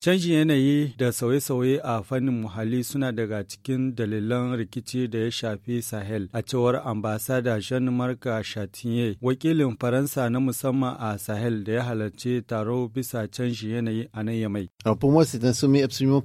Canjin yanayi da sauye-sauye a fannin muhalli suna daga cikin dalilan rikici da ya shafi Sahel, a cewar ambasada Jean-Marc Chatier, wakilin Faransa na musamman a Sahel da ya halarci taro bisa canjin yanayi a nan Yamai. A kuma c'est absolument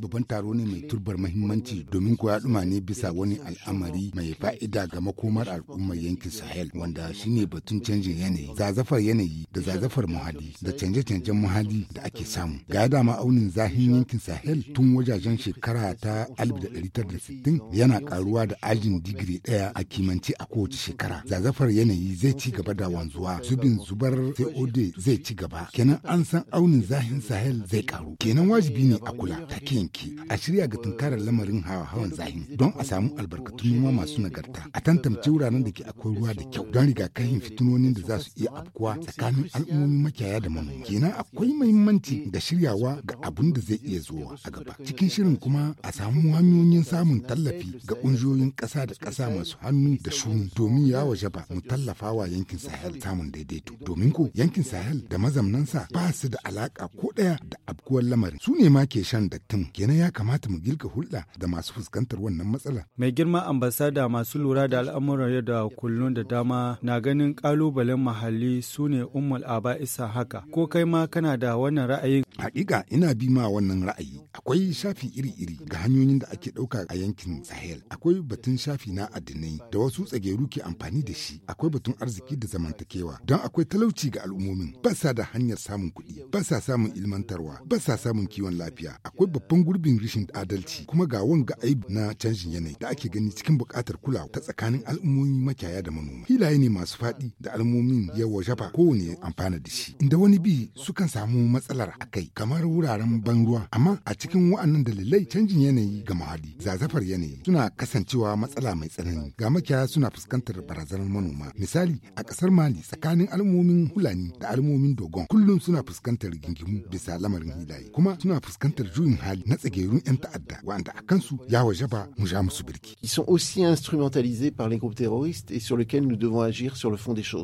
babban taro ne mai turbar mahimmanci domin koya duma ne bisa wani al'amari mai fa'ida ga makomar al'ummar yankin Sahel wanda shine batun canjin yanayi, zazafar yanayi da zazafar muhalli da canje-canjen muhalli da ake samu. Ga dama aunin zahin yankin Sahel tun wajajen shekara ta 1960 yana karuwa da ajin digiri ɗaya a kimanci a kowace shekara. Zazafar yanayi zai ci gaba da wanzuwa, zubin zubar COD zai ci gaba. Kenan an san aunin zahin Sahel zai karu. Kenan wajibi ne a kula take yanki a shirya ga tunkarar lamarin hawa-hawan zahin don a samu albarkatun noma masu nagarta. A tantance wuraren da ke akwai ruwa da kyau don rigakafin fitinonin da za su iya afkuwa tsakanin al'ummomin makiyaya da manoma. Kenan akwai muhimmanci da shiryawa ga abun da zai iya zuwa a gaba. Cikin shirin kuma a samu hanyoyin samun tallafi ga ƙungiyoyin ƙasa da ƙasa masu hannu da shuni domin ya waje ba mu tallafa wa yankin Sahel samun daidaito. Domin ko yankin Sahel da mazamnansa ba su da alaƙa ko ɗaya da abkuwar lamarin. Su ne ma ke shan dattin kenan ya kamata mu girka hulɗa da masu fuskantar wannan matsala. Mai girma ambasada masu lura da al'amuran yau da kullum da dama na ganin ƙalubalen muhalli su ne ummul isa haka. Ko kai ma kana da wannan ra'ayin Hakika ina bi ma wannan ra'ayi. Akwai shafi iri-iri ga hanyoyin da ake ɗauka a yankin Sahel. Akwai batun shafi na addinai da wasu tsageru ke amfani da shi. Akwai batun arziki da zamantakewa. Don akwai talauci ga al'ummomin. Ba sa da hanyar samun kuɗi. Ba sa samun ilmantarwa. Ba sa samun kiwon lafiya. Akwai babban gurbin rashin adalci. Kuma ga wanga aibu na canjin yanayi da ake gani cikin buƙatar kulawa ta tsakanin al'ummomi makiyaya da manoma. filaye ne masu faɗi da al'ummomin yawa shafa kowane amfana da shi. Inda wani bi sukan samu matsalar akai kamar wuraren ban ruwa amma a cikin wa'annan dalilai canjin yanayi ga muhalli zazafar yanayi suna kasancewa matsala mai tsanani ga makiyaya suna fuskantar barazanar manoma misali a ƙasar mali tsakanin al'ummomin hulani da al'ummomin dogon kullum suna fuskantar gingimu bisa lamarin hilaye kuma suna fuskantar juyin hali na tsagerun 'yan ta'adda wanda a kansu ya waje ba mu ja musu birki. Ils sont aussi instrumentalisés par les groupes terroristes et sur lesquels nous devons agir sur le fond des choses.